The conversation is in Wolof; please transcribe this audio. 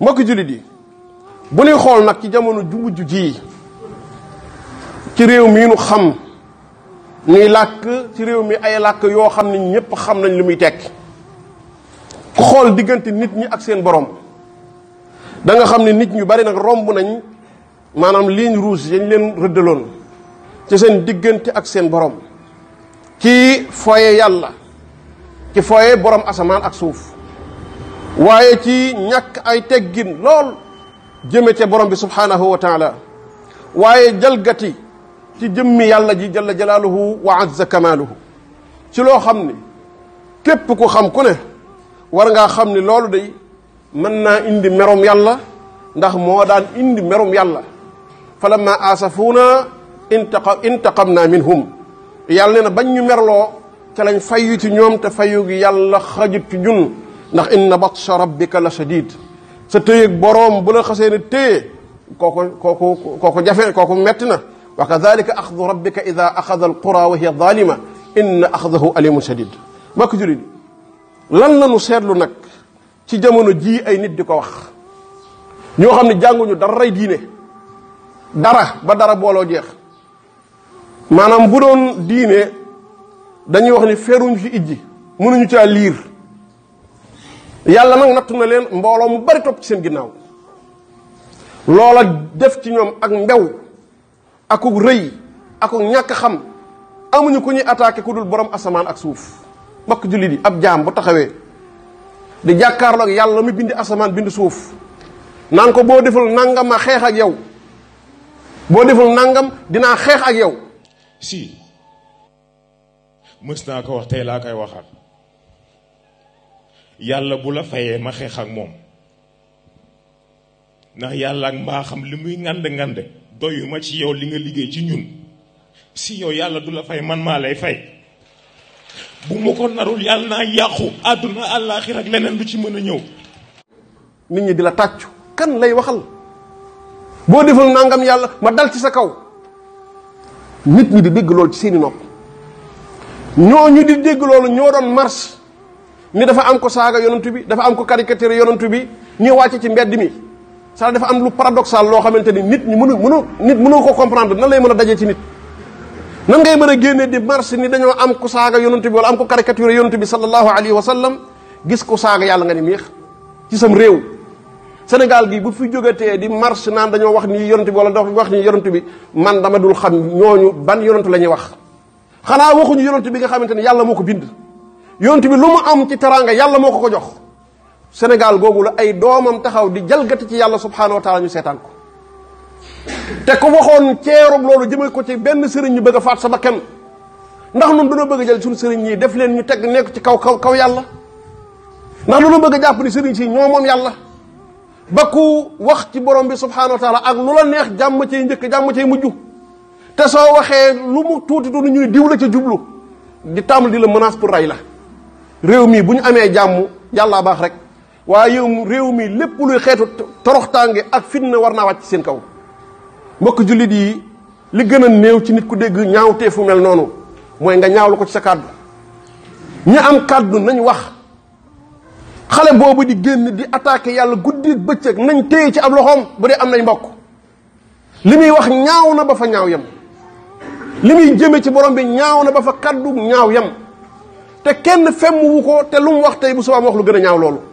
mbokki jullit yi bu ñuy xool nag ci jamono ju jii ci réew mii nu xam ñuy làkk ci réew mi ay làkk yoo xam ne ñépp xam nañ lu muy tekk ku xool diggante nit ñi ak seen borom danga xam ne nit ñu bari nag romb nañ maanaam ligne rouge yañ leen rëddaloon ci seen diggante ak seen borom ci foye yàlla ci foye borom asamaan ak suuf waaye ci ñàkk ay teggin lool jëme ca borom bi subhaanahu wa taala waaye jalgati ci jëmmi yàlla ji jalla jalaaluhu wa azza kamaaluhu ci loo xam ni képp ku xam ku ne war ngaa xam ni loolu day mën naa indi merom yàlla ndax moo daan indi merom yàlla fa lamma aasafuuna intaqa intaqamnaa minhum yàlla nee na bañ ñu merloo ca lañ fayu ci ñoom te fayu gi yàlla xajut ñun ndax inna batsha rabbika la shadid sa téyeg borom bu la xasse ne tey koko koko koko jafe koko metti na wa kadhalika akhdhu rabbika idha akhadha alqura wa hiya zalima inna axdahu alimun shadid mbokk julit lan lanu setlu nak ci jamono ji ay nit diko ko wax ñoo xam ne jànguñu daray diine dara ba dara booloo jeex manam bu doon diine dañuy wax ni feruñ fi idji munuñu caa lire yàlla nag nattu na leen mbooloo mu bari topp ci seen ginnaaw loola def ci ñoom ak mbew akuk rëy akuk ñàkk xam amuñu ku ñuy attaqué ku dul borom asamaan ak suuf mbokk julli yi ab jaam bu taxawee di jàkkaarloo ak yàlla mi bindi asamaan bindi suuf naan ko boo deful nangam a xeex ak yow boo deful nangam dinaa xeex ak yow. si mës naa ko wax tey laa koy waxaat. yalla bu la fayé ma xex ak mom ndax yalla ak mbaaxam li ngand ngand doyuma ci yow li nga liggé ci ñun si yow yalla du la fay man ma lay fay bu mu ko narul yalla na yàqu aduna àllaaxir ak leneen du ci mëna ñëw nit ñi di la kan lay waxal bo deful nangam yalla ma dal ci sa kaw nit ñi di dégg lool ci seeni nopp ñu di dégg lool ñoo doon marche ni dafa am ko saaga yonentu bi dafa am ko caricature yonentu bi ñi wacc ci mbedd mi sa dafa am lu paradoxal lo xamanteni nit ñi mënu mënu nit mënu ko comprendre nan lay mëna dajé daje ci nit nan ngay mëna génné di marche ni dañoo am ko saaga yonentu bi wala am ko caricature yonentu bi sallallahu alaihi wasallam gis ko saaga yalla nga ni miix ci sam rew senegal gi bu fi jógatee di marche nan dañoo wax ni yonentu bi wala dox wax ni yonentu bi man dama dul xam ñoñu ban yonentu lañuy wax xana waxu ñu yonentu bi nga xamanteni yalla moko ko bind yonent bi luma am ci teranga yalla moko ko jox senegal gogul ay domam taxaw di jalgati ci yalla subhanahu wa taala ñu setan ko te ko waxon ceerub lolu jëme ko ci ben serigne ñu bëgg faat sa bakkan ndax ñun dañu bëgg jël suñu serigne ñi def leen ñu teg nekk ci kaw kaw kaw yalla ndax dañoo bëgg japp ni serigne ci ñoo ba wax ci borom bi subhanahu wa taala ak lu la neex ci ñëk ci te so waxe lu mu tuti du ñuy la jublu di tamul di la menace pour ray la réew mii bu ñu amee jàmm yàllaa baax rek waaye yow mu réew mii lépp luy xeetu toroxtaange ak fitna war naa wàcc seen kaw mbokk jullit yi li gën a néew ci nit ku dégg ñaawtee fu mel noonu mooy nga ñaaw lu ko ci sa kàddu ñi am kàddu nañ wax xale boobu di génn di attaqué yàlla guddi bëccëg nañ téye ci ab loxoom bu dee am nañ mbokk li muy wax ñaaw na ba fa ñaaw yem li muy jëme ci borom bi ñaaw na ba fa kàddu ñaaw yem te kenn femm wu ko te lu mu wax tey bu subaa mu wax lu gën a ñaaw loolu